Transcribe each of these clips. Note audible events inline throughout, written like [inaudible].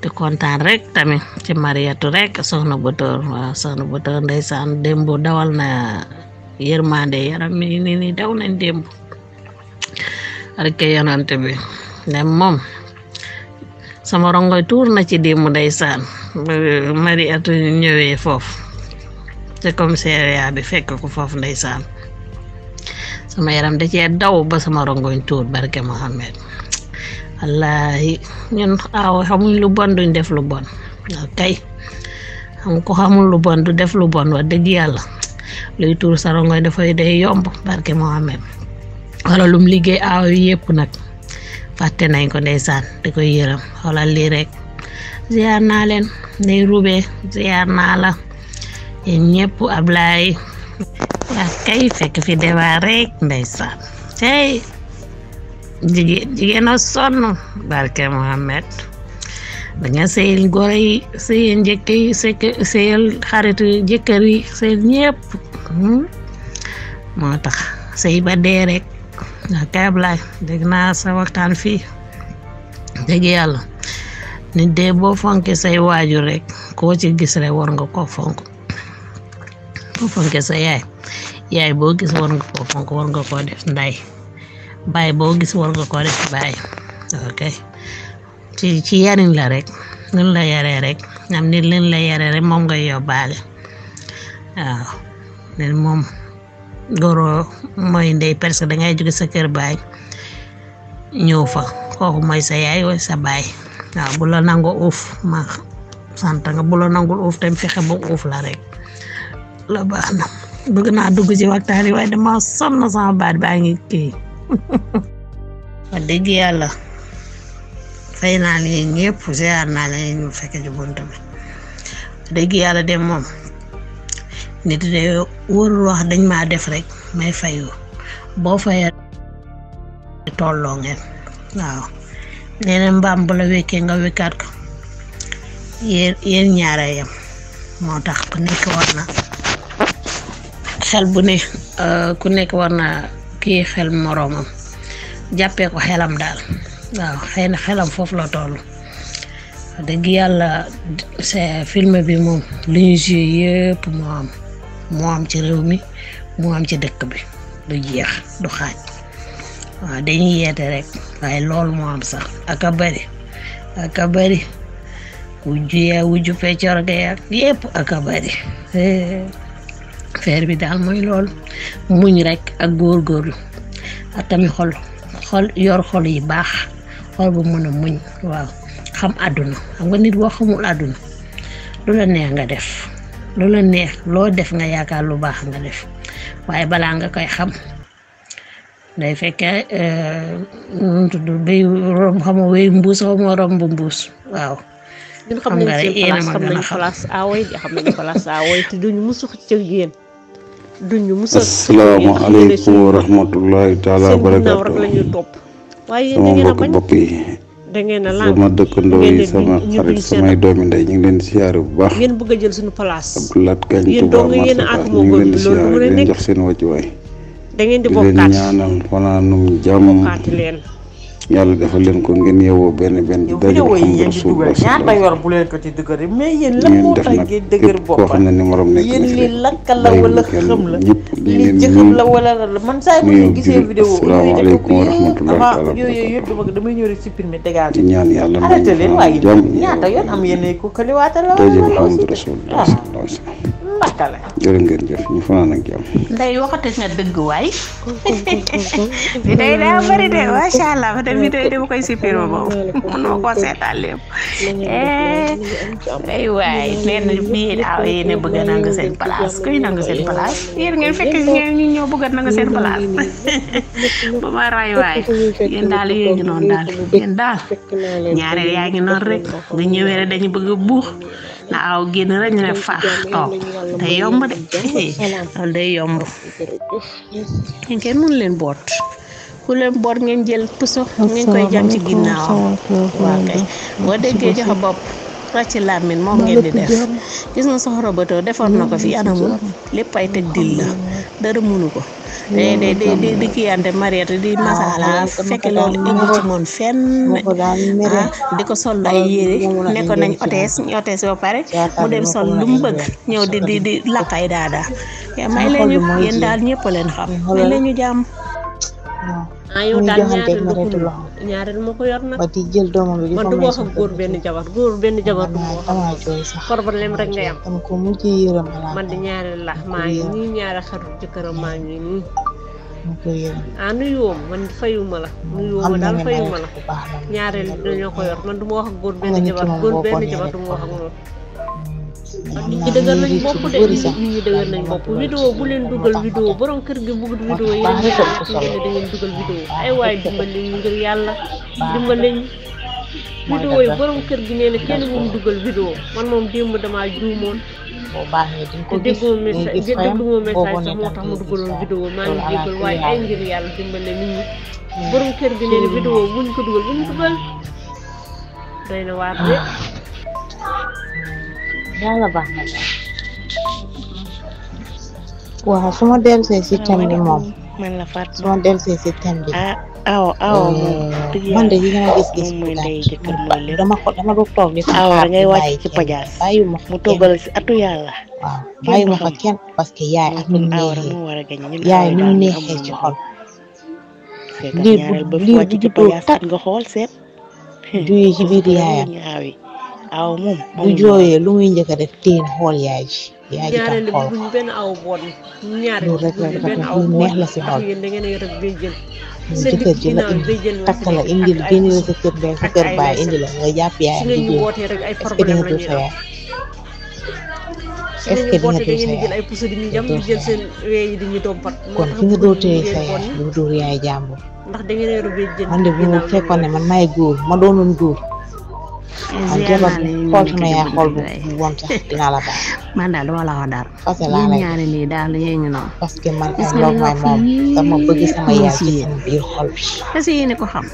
te kontaan rek tamit ci Mariatu rek soxna Botor waaw soxna Botor ndeysaan démb dawal na yërmande yaram mi ni ni daw nañ démb rek yonante bi ne moom sama rongoy tuur na ci démb ndeysaan Mariatu ñëwee foofu te commissariat bi fekk ko foofu ndeysaan sama yaram da cee daw ba sama rongoñ tuur barke Mohamed wallaahi ñun aw ah, xamuñ lu bon duñ def lu bon waaw kay xam ko xamul lu bon du def lu bon wax dëgg yàlla luy tuur sarongoy dafay day yomb barke moo amee wala lum liggéey aaw ah, yëpp nag fàtte nañ ko ndeysaan di koy yërëm xoolal lii rek ziar naa leen ndey rube ziar naa la yéen ñëpp Ablaye kay fekk fi débat rek ndeysaan tey jigéen jigéen a sonn barke Mohamed da nga sëyal góor yi sëyal njëkk yi sëyal xaritu ñëpp hmm? moo tax sëy ba dee rek nga kaablaay dégg naa sa waxtaan fii dégg yàlla nit dee boo fonke say waajur rek koo ci gis rek war nga ko boo fonke yaay yaay boo gis war nga ko fonk war def nday baay boo gis war nga ko def baay ci ci yarin la rek lin la yaree rek am nit lin la yaree rek moom nga yóbbaale waaw nen moom góoroo mooy ndey parce que dangay jóge sa kër baay ñëw fa kooku mooy sa yaay wala sa baay waaw bu la nangu uuf ma sant nga bu la nangul uuf tam fexe ba uuf la rek la baax na bëgg naa dugg ci waxtaan yi waaye dama sonn sama baat baa ngi kii wax dëgg yàlla fay naa leen ñëpp ziar naa leen ñu fekk ci bunt bi dëgg yàlla de moom nit de wóorul wax dañ ma def rekk may fayu boo fayee tolloo ngeen waaw nee na mbaam bu la wekkee nga wekkaat ko yéen ñaara yam moo tax ku nekk war na xel bu ne euh, ku nekk war na kii xel moroomam jàppee ko xelam daal waaw na xelam foofu la toll dëgg yàlla c'est film bi moom li ñu joué yëpp moo ci réew mi moo am ci dëkk bi du jeex du xaaj waaw dañuy yeete rek waaye loolu moo am sax ak bari ak bari wujju yaa wujju peccor ga yàq yëpp ak a bari affaire bi daal mooy lool muñ rek ak góorgóorlu ak tamit xol yor xol yi baax xol bu mën a muñ waaw xam àdduna xam nit boo xamul àdduna lu la neex nga def lu la neex loo def nga yaakaar lu baax nga def waaye balaa nga koy xam day fekke eh, nu tudd béy romb xama wéy mbuus xama romb mbuus waaw xam nga rek yéen a ma gën a xam xam nañu place awoy xam nañu place awoy te duñu musu ci yéen duñu musal asalaamaaleykum wa rahmatullahi taala wa barakaatu sama mbokk bopp yi sama dëkkandoo yi sama xarit samay doomi ndey ñu ngi leen siyaare bu baax ngeen bëgg a jël suñu place Abdoulaat Gagne Touba Marsaba ñu ngi leen di siyaare leen jox seen wàccuwaay di leen ñaanal fanaanum jàmm yàlla dafa leen ko ngeen yeewoo benn benn. daje ba xam nga bu leen ko ci dëgër mais yéen lan moo tax ngeen dëgër boppam koo xam ne ni morom nekk la wala xëm la li jëxam la wala la man saa yi ma gisee vidéo asalaamaaleykum wa rahmatullahi taala yooyu yëpp dama damay ñëw rek supprimer dégage di ñaan yàlla arrêté leen waaye ñaata yoon am yéen ko këliwaate pakkale. jërë ngeen jëf ñu fanaan ak jàmm. Ndeye waxate nga dëgg waay. [laughs] day daa bëri de macha allah ba tamit day koo seetaan lépp. ay eh, waay nee na bii daaw ah, yéen a bëgg a nangu seen place kuy nangu seen place yéen ngeen ñu ñëw bëgg a nangu seen place [laughs] ba ma ray waay yéen daal yéen ngi noonu daal yéen daal ñaareel yaa ngi noonu rek nga ñëwee dañu bëgg a buux. na aw génn rek ñu faax toog oh, yomb de loolu day yomb kenn mun leen boot ku leen boot ngeen jël puso ngeen koy jam ci ginnaaw waaw kay boo déggee joxe bopp ràcc làmmiñ moom ngeen di def gis nga soxoro defoon na ko fi anamul lépp ay teg dil la dara munu ko day day day di kiyante mariette di masala fekk loolu igu ci moon fenn ah, di ko sol ay yére nekkoon nañ otees ñu otees ba pare mu dem sol lu mu bëgg ñëw di di di lakkay daadaa may leen ñu yéen daal ñëpp leen xam may leen ñu jàmm ah, ñaareel ma ko yor nag. ba jël doomam bi man du ma wax ak góor benn jabar góor benn jabar du ma wax. damaa jooy sax problème rek nga am. dama ko mujj yërëm xalaat man di ñaareel la maa ngi nii ñaareel xarit jëkkëram maa ngi nii. ma koy yërëm ah nuyuwoo ma man la. nuyuwoo ma daal fayuma la ñaareel dañoo ko yor man du ma wax ak góor benn jabar góor benn jabar du ma wax ak moom. man nit ñi dëgër nañ bopp de nit ñi dëgër nañ bopp vidéo bu leen dugal vidéo borom kër gi bëggut vidéo yéen da ngeen waay dimbali ñu ngir yàlla dimbali ñu vidéo yi borom kër gi nee na kenn bu mu dugal vidéo man moom démb damaa juumoon boo baaxee di nga ko gis nga gis fayam boo message moo tax ma dugaloon vidéo maa ngi jégal waaye ay ngir yàlla dimbale nit ñi. borom kër gi nee na vidéo buñ ko dugal buñ dugal. doy na waar de. Ah. yàlla baax na waaw su ma dellusee si thème bi moom man la faat su ma dellusee si thème bi ah, awo eh, man de yi nga gis gis mooy ndey dama ko dama doon toog ngay wàcc ci pajaas bàyyi ma mu toggal si atu yàlla waaw bàyyi ma fa kenn parce que yaay ak nu neexee yaay nu neexee ci xol lii bu lii bu juddoo tat nga xool seet duy ci biir yaayam [laughs] aw moom bu jooyee lu muy njëkk def teen xool yaay ji neex la si xool jëkkër ji la indi takk la indi génne la sa kër baay sa kër baay indi la nga jàpp yaayam di jooy est doo tëye man de bu fekkoon ne man maay góor ma doonoon góor jabar xootu na yaa xool bu bon sax dinaa la baax [laughs] man daal dama la wax dara fase laa lay ñaari nii daal yéen ñu noonu parce que man ay loo may moom dama bëgg sama yaay ci seen biir xol bi parce que yéen ko xam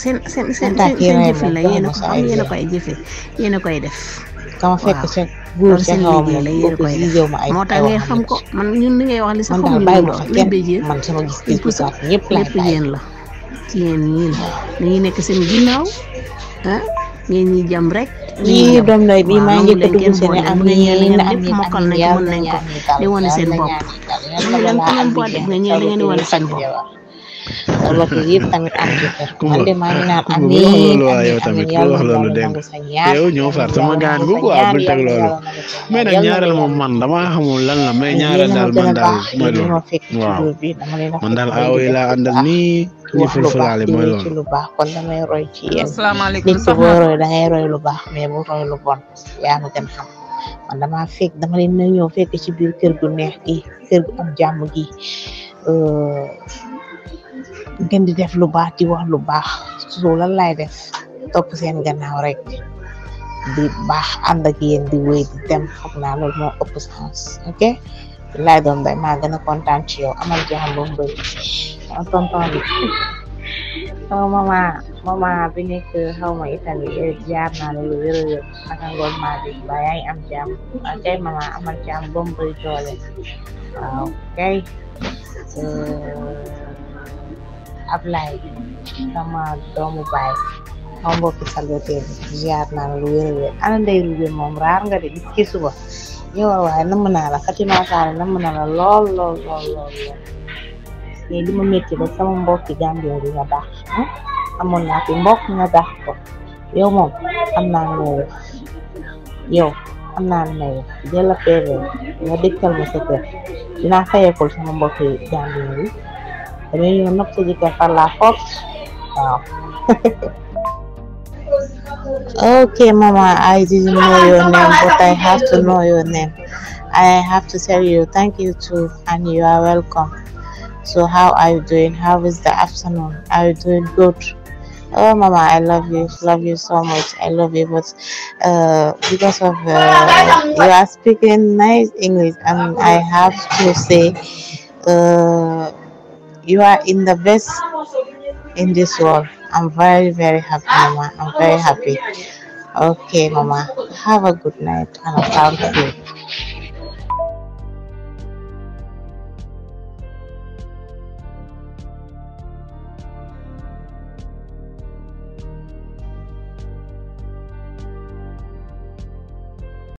seen seen seen seen jëfin la yéen a ko xam yéen a koy jëfe yéen a koy def kama fekk ca góor ca xawam la bëgg si jëw ma ay moo tax ngeen xam ko man ñun li ngay wax li sax xamuñu ko man sama gis gis sax ñëpp laay bàyyi lépp yéen la ci yéen ñii la dañuy nekk seen ginnaaw ah ñeen ñi jamb rek ñi doom nooy bi maa ngi ko dugg seen am na ñeen am ñi mokkal nañ mën nañ ko di wane seen bopp ñu leen ko leen boole nga ñeen da ngeen loolu yëpp tamit am ci kër man de maa ngi naan amiin amiin yàlla loolu dégg yow ñoo far sama gaan gu quoi bul teg loolu mais nag ñaareel moom man damaa xamul lan la mais ñaareel daal man daal mooy loolu waaw man daal aaw yi laa àndal nii ñu fulfulaale mooy loolu lu baax kon damay roy ci yéen nit ki boo roy da ngay roy lu baax mais bu roy lu bon yaa ma gën xam man damaa fekk dama leen na ñëw fekk ci biir kër gu neex gi kër gu am jàmm gi ngeen di def lu baax di wax lu baax soo lan laay def topp seen gannaaw rek di baax ànd ak yéen di wéy di dem xam naa loolu moo ëpp sens ok laay doon day maa kontaan ci yow amal jàmm bu mbëri bi nekk xaw ma itali eh, jaar naa la lu wér wér naka am jàmm kay mama amal jàmm bu mbëri doole waaw kay euh, Ablaye sama doomu baay sama mbokki salotee bi ziar naa la lu wér a wér ana ndey rubé moom raar nga de nit ki suba ñëwal waaye namm naa la Fatima Sall namm naa la lool lool lool lool mais li ma métti ba sama mbokki Gambien bi nga baax ah, amoon naa fi mbokk nga baax ko yow moom am naa loolu yow am naa nawe jëla PV ma sa kër dinaa fayekul sama mbokki Gambien bi dañuy ñëw nopp sa jëkkër la force waaw Mama, I didn't know ah, your name, but I have to know your name. I have to tell you thank you too, and you are welcome. So, how are you doing? How is the afternoon? Are you doing good? Oh, Mama, I love you. Love you so much. I love you, but uh, because of uh, you are speaking nice English, and I have to say. Uh, you are in the best in this world i'm very very happy mama i'm very happy okay mama have a good night and a sound sleep